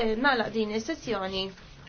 Eh, nalaq din is-sessjoni.